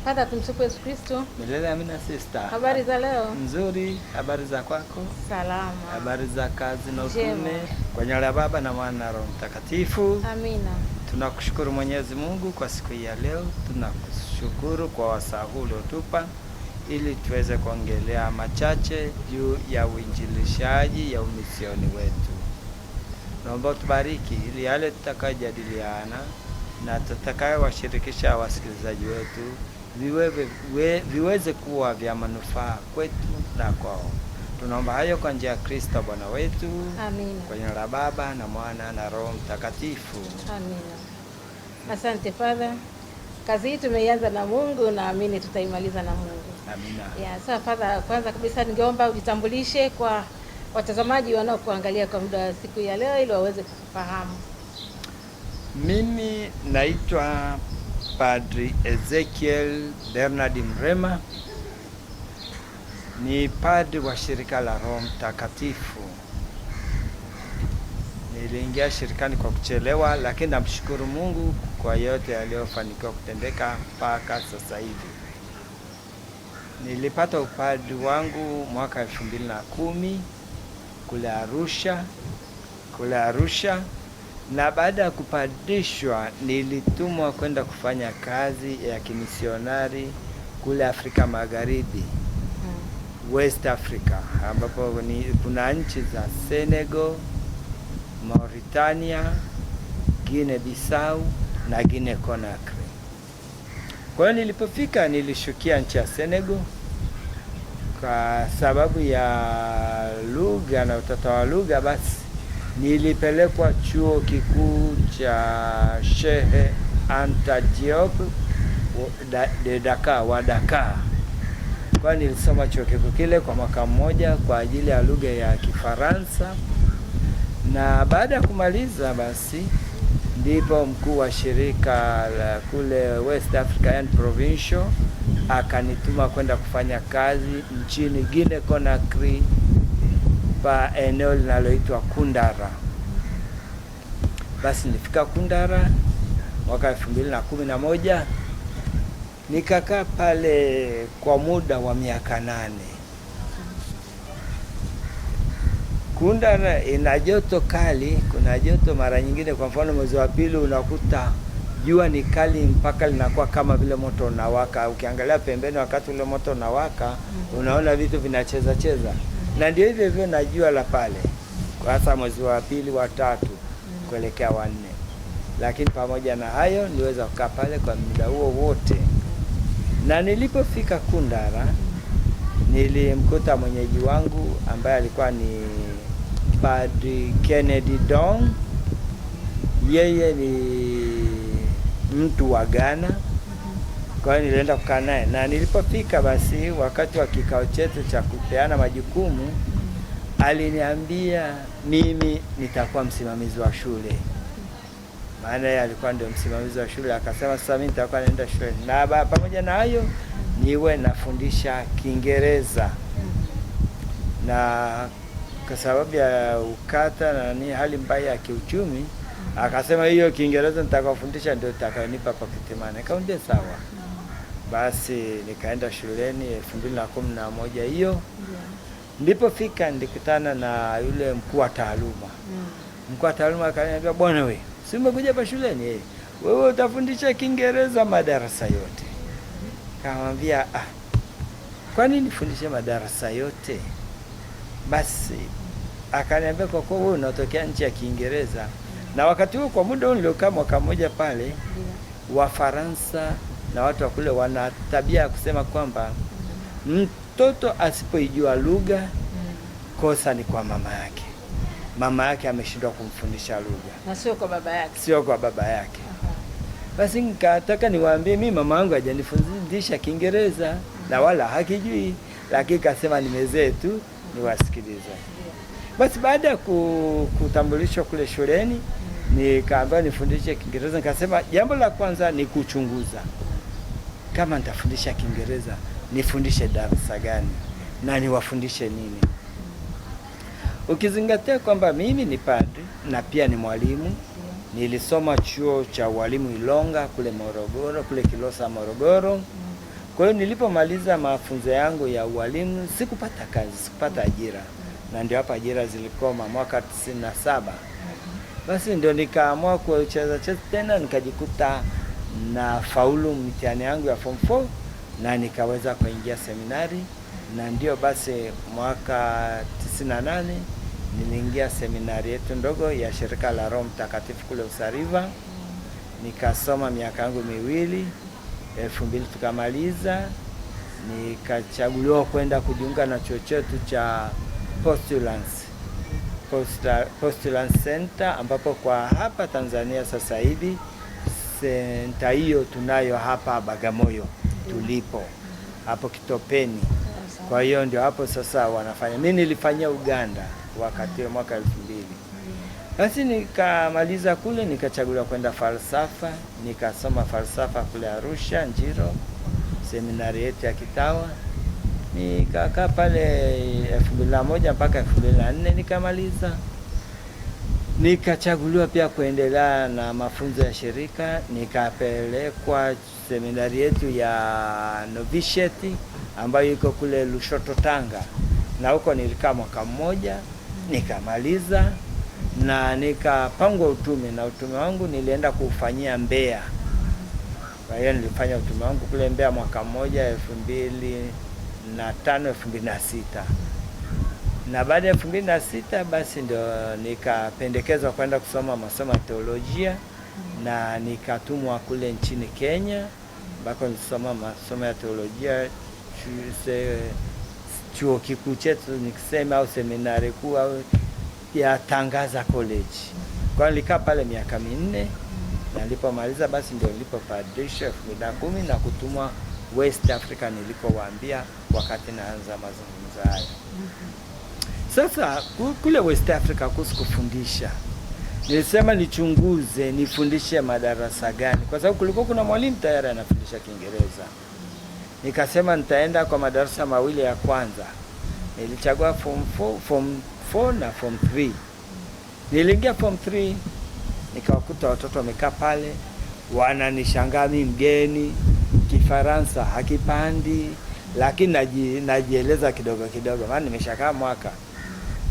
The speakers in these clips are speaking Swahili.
Pada tumsifu Yesu Kristo. Milele amina sister. Habari za leo? Nzuri, habari za kwako? Salama. Habari za kazi na utume? Kwa jina la Baba na Mwana na Roho Mtakatifu. Amina. Tunakushukuru Mwenyezi Mungu kwa siku hii ya leo, tunakushukuru kwa wasaa huu uliotupa ili tuweze kuongelea machache juu ya uinjilishaji ya umisioni wetu. Naomba utubariki ili yale tutakayojadiliana na tutakayowashirikisha wasikilizaji wetu viwewe, we, viweze kuwa vya manufaa kwetu na kwao. Tunaomba hayo kwa njia ya Kristo Bwana wetu. Amina. Kwa jina la Baba na Mwana na Roho Mtakatifu. Amina. Asante Father. Kazi hii tumeianza na Mungu, naamini tutaimaliza na Mungu. Amina. Ya, so Father, kwanza kabisa ningeomba ujitambulishe kwa watazamaji wanaokuangalia kwa muda wa siku ya leo ili waweze kufahamu. Mimi naitwa Padri Ezekiel Bernard Mrema ni padri wa shirika la Roho Mtakatifu. Niliingia shirikani kwa kuchelewa, lakini namshukuru Mungu kwa yote yaliyofanikiwa kutendeka mpaka sasa hivi. Nilipata upadri wangu mwaka elfu mbili na kumi kule Arusha, kule Arusha na baada ya kupandishwa nilitumwa kwenda kufanya kazi ya kimisionari kule Afrika Magharibi, hmm. West Africa, ambapo kuna nchi za Senegal, Mauritania, Guinea Bissau na Guinea Conakry. Kwa hiyo nilipofika nilishukia nchi ya Senegal kwa sababu ya lugha na utata wa lugha basi nilipelekwa chuo kikuu cha Shehe Anta Diop de Dakar wa Dakar, kwa nilisoma chuo kikuu kile kwa mwaka mmoja kwa ajili ya lugha ya Kifaransa, na baada ya kumaliza basi ndipo mkuu wa shirika la kule West and Provincial akanituma kwenda kufanya kazi nchini Guinea Conakry pa eneo linaloitwa Kundara. Basi nilifika Kundara mwaka elfu mbili na kumi na moja nikakaa pale kwa muda wa miaka nane. Kundara ina joto kali, kuna joto mara nyingine, kwa mfano mwezi wa pili unakuta jua ni kali mpaka linakuwa kama vile moto unawaka. Ukiangalia pembeni, wakati ule moto unawaka, mm. unaona vitu vinacheza cheza na ndio hivyo hivyo na jua la pale hasa mwezi wa pili wa tatu mm. kuelekea wanne. Lakini pamoja na hayo niliweza kukaa pale kwa muda huo wote, na nilipofika Kundara mm. nilimkuta mwenyeji wangu ambaye alikuwa ni Padri Kennedy Dong. Yeye ni mtu wa Ghana kwa hiyo nilienda kukaa naye na nilipofika, basi wakati wa kikao chetu cha kupeana majukumu aliniambia mimi nitakuwa msimamizi wa shule, maana yeye alikuwa ndio msimamizi wa shule. Akasema sasa mimi nitakuwa naenda shule na pamoja na hayo niwe nafundisha Kiingereza na kwa sababu ya ukata na ni hali mbaya ya kiuchumi, akasema hiyo Kiingereza nitakayofundisha ndio itakayonipa pocket money. Kaunde sawa basi nikaenda shuleni elfu mbili na kumi na moja hiyo yeah. Nilipofika nilikutana na yule mkuu wa taaluma mm. Mkuu wa taaluma akaniambia, bwana we si umekuja hapa shuleni eh, wewe utafundisha Kiingereza madarasa yote. Kamwambia, ah, kwa nini nifundishe madarasa yote? Basi akaniambia, kwa kuwa wewe unatokea nchi ya Kiingereza, na wakati huo kwa muda huo niliokaa mwaka mmoja pale, Wafaransa na watu wa kule wana tabia ya kusema kwamba mtoto asipoijua lugha kosa ni kwa mama yake, mama yake ameshindwa kumfundisha lugha na sio kwa baba yake, sio kwa baba yake. Basi nikataka niwaambie, mi mama yangu hajanifundisha Kiingereza na wala hakijui, lakini kasema nimezee tu niwasikilize. Basi baada ya kutambulishwa kule shuleni, nikaambiwa nifundishe Kiingereza. Nikasema jambo la kwanza ni kuchunguza kama nitafundisha Kiingereza nifundishe darasa gani na niwafundishe nini, ukizingatia kwamba mimi ni padri na pia ni mwalimu. Nilisoma chuo cha walimu Ilonga kule Morogoro, kule Kilosa Morogoro. Kwa hiyo nilipomaliza mafunzo yangu ya ualimu sikupata kazi, sikupata ajira, na ndio hapa ajira zilikoma mwaka tisini na saba. Basi ndio nikaamua kucheza cheza tena nikajikuta na faulu mtihani yangu ya form 4 na nikaweza kuingia seminari, na ndio basi mwaka 98 niliingia seminari yetu ndogo ya shirika la Roho Mtakatifu kule Usariva, nikasoma miaka yangu miwili. Elfu mbili tukamaliza, nikachaguliwa kwenda kujiunga na chuo chetu cha Postulance Postulance Center ambapo kwa hapa Tanzania sasa hivi senta hiyo tunayo hapa Bagamoyo tulipo hapo Kitopeni. Kwa hiyo ndio hapo sasa wanafanya. Mimi nilifanyia Uganda wakati mwaka elfu mbili basi nikamaliza kule, nikachaguliwa kwenda falsafa, nikasoma falsafa kule Arusha Njiro, seminari yetu ya Kitawa. Nikakaa pale elfu mbili na moja mpaka elfu mbili na nne nikamaliza. Nikachaguliwa pia kuendelea na mafunzo ya shirika, nikapelekwa seminari yetu ya novisheti ambayo iko kule Lushoto, Tanga, na huko nilikaa mwaka mmoja nikamaliza, na nikapangwa utume, na utume wangu nilienda kuufanyia Mbeya. Kwa hiyo nilifanya utume wangu kule Mbeya mwaka mmoja elfu mbili na tano elfu mbili na sita na baada ya elfu mbili na sita basi ndio nikapendekezwa kwenda kusoma masomo ya teolojia na nikatumwa kule nchini Kenya ambako nisoma masomo ya teolojia chuo kikuu chetu nikisema, au seminari kuu au ya Tangaza College. Kwa hiyo nilikaa pale miaka minne na nilipomaliza basi ndio nilipopadrisha elfu mbili na kumi na kutumwa West Africa nilikowaambia wakati naanza mazungumzo hayo. Sasa kule West Africa kuhusu kufundisha, nilisema nichunguze, nifundishe madarasa gani, kwa sababu kulikuwa kuna mwalimu tayari anafundisha Kiingereza. Nikasema nitaenda kwa madarasa mawili ya kwanza, nilichagua form 4, form 4 na form 3. Niliingia form 3 nikawakuta watoto wamekaa pale, wananishangaa mimi mgeni, Kifaransa hakipandi, lakini najieleza kidogo kidogo, maana nimeshakaa mwaka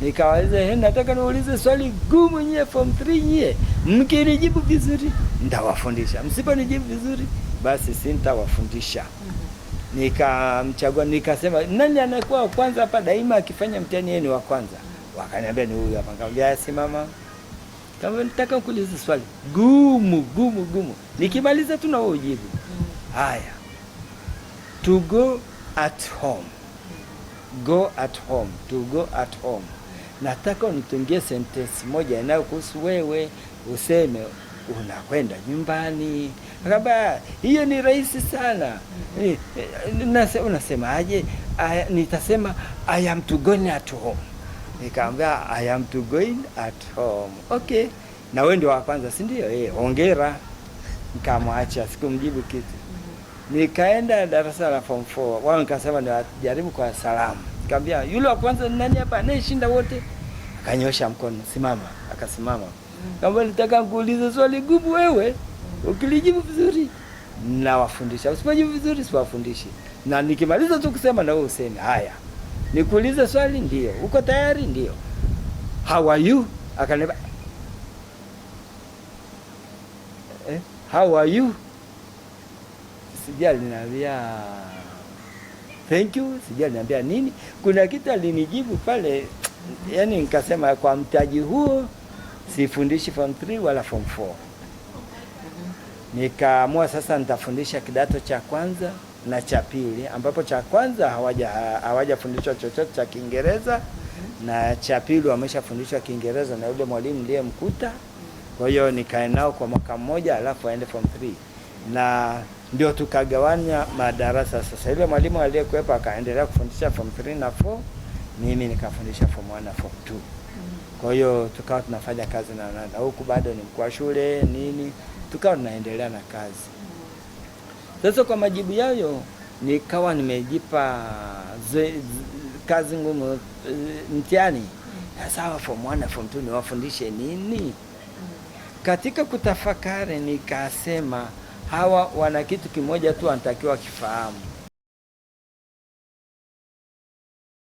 Nikawauliza, he, yaani nataka niulize swali gumu nyie form 3 nyie, mkinijibu vizuri ndawafundisha, msiponijibu vizuri basi si ntawafundisha mhm. Nikamchagua, nikasema nani anakuwa wa kwanza hapa, daima akifanya mtihani yeye ni wa kwanza. Wakaniambia ni huyu hapa. Nikamwambia simama, kama nitaka kuuliza swali gumu gumu gumu, nikimaliza tu na wewe ujibu. Mm. Haya, to go at home, go at home, to go at home nataka unitungie sentensi moja kuhusu wewe, useme unakwenda nyumbani. Akaba, hiyo ni rahisi sana. Mm-hmm. Eh, eh, unasemaje? Nitasema I am to going at home. Nikaambia I am to going at home. Okay, na wewe ndio wa kwanza, si ndio? Eh, hongera. Nikamwacha, sikumjibu kitu. Mm-hmm. Nikaenda darasa la form 4 wao, nikasema niwajaribu kwa salamu Nikamwambia yule wa kwanza nani hapa anayeshinda wote? Akanyosha mkono, simama. Akasimama. Kama nitaka kuuliza swali gumu wewe, ukilijibu vizuri nawafundisha. Usipojibu vizuri siwafundishi. Na nikimaliza tu kusema na wewe useme haya. Nikuulize swali ndio. Uko tayari ndio. How are you? Akaniambia eh, how are you? Sijali naambia thank you, sija niambia nini. Kuna kitu alinijibu pale, yani nikasema kwa mtaji huo sifundishi form 3 wala form 4. Nikaamua sasa nitafundisha kidato cha kwanza na cha pili, ambapo cha kwanza hawaja hawajafundishwa chochote cha Kiingereza na cha pili wameshafundishwa Kiingereza na yule mwalimu ndiye mkuta. Kwa hiyo nikae nao kwa mwaka mmoja, alafu aende form 3 na ndio tukagawanya madarasa. Sasa ile mwalimu aliyekuwepo akaendelea kufundisha form 3 na 4, mimi nikafundisha form 1 na form 2. Kwa hiyo tukawa tunafanya kazi na nada huku, bado ni mkuu wa shule nini, tukawa tunaendelea na kazi. Sasa kwa majibu yayo nikawa nimejipa kazi ngumu eh, mtihani. Sawa, form 1 na form 2 niwafundishe nini? Katika kutafakari nikasema hawa wana kitu kimoja tu wanatakiwa kifahamu